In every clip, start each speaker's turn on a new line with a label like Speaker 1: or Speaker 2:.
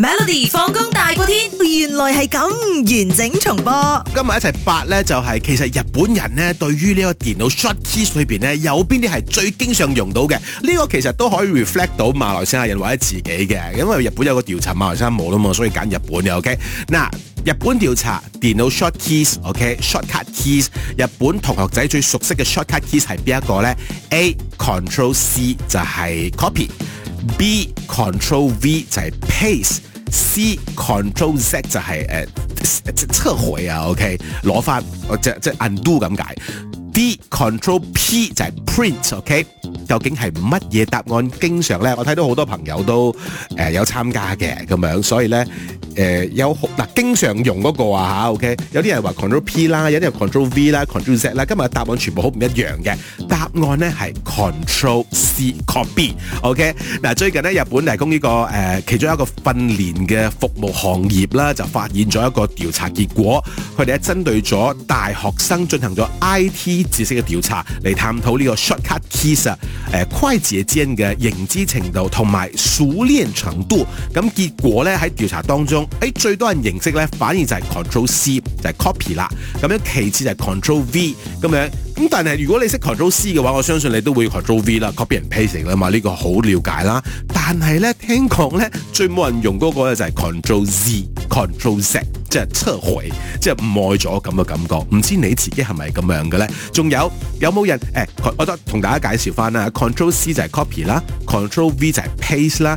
Speaker 1: Melody 放工大過天，原來係咁完整重播。今日一齊發呢，就係、是、其實日本人呢，對於呢個電腦 shortcut keys 裏邊呢，有邊啲係最經常用到嘅？呢、這個其實都可以 reflect 到馬來西亞人或者自己嘅，因為日本有個調查馬來西亞冇啦嘛，所以揀日本嘅 OK。嗱，日本調查電腦、no、shortcut keys，OK、okay？shortcut keys，日本同學仔最熟悉嘅 shortcut keys 係邊一個呢？A Control C 就係 copy，B Control V 就係 paste。C Control Z 就係誒撤回啊，OK，攞翻，即即 undo 咁解。D Control P 就係 print，OK、okay?。究竟係乜嘢答案？經常咧，我睇到好多朋友都誒有參加嘅咁樣，所以咧誒、呃、有嗱、啊、經常用嗰、個啊吓 OK 有啲人話 Control P 啦，有啲人 Control V 啦，Control Z 啦，今日答案全部好唔一樣嘅。案呢係 Control C Copy，OK、okay? 嗱最近咧日本提供呢個誒、呃、其中一個訓練嘅服務行業啦，就發現咗一個調查結果，佢哋咧針對咗大學生進行咗 IT 知識嘅調查，嚟探討呢個 Shortcut Keys、呃啊誒快捷鍵嘅認知程度同埋熟練程度，咁結果咧喺調查當中，誒、欸、最多人認識咧反而就係 Control C。就係、是、copy 啦，咁樣其次就係 control V 咁樣，咁但係如果你識 control C 嘅話，我相信你都會 control V 啦，copy and paste 啦嘛，呢、這個好了解啦。但係咧聽講咧最冇人用嗰個咧就係 control Z，control Z，即係撤回，即係唔愛咗咁嘅感覺。唔知你自己係咪咁樣嘅咧？仲有有冇人誒、欸？我覺得同大家介紹翻啦，control C 就係 copy 啦，control V 就係 paste 啦。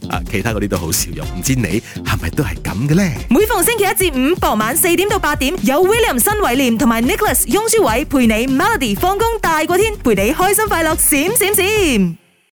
Speaker 1: 其他嗰啲都好少用，唔知你係咪都係咁嘅呢？每逢星期一至五傍晚四點到八點，有 William 新偉廉同埋 Nicholas 雍書偉陪你 Melody 放工大過天，陪你開心快樂閃閃閃。閃閃閃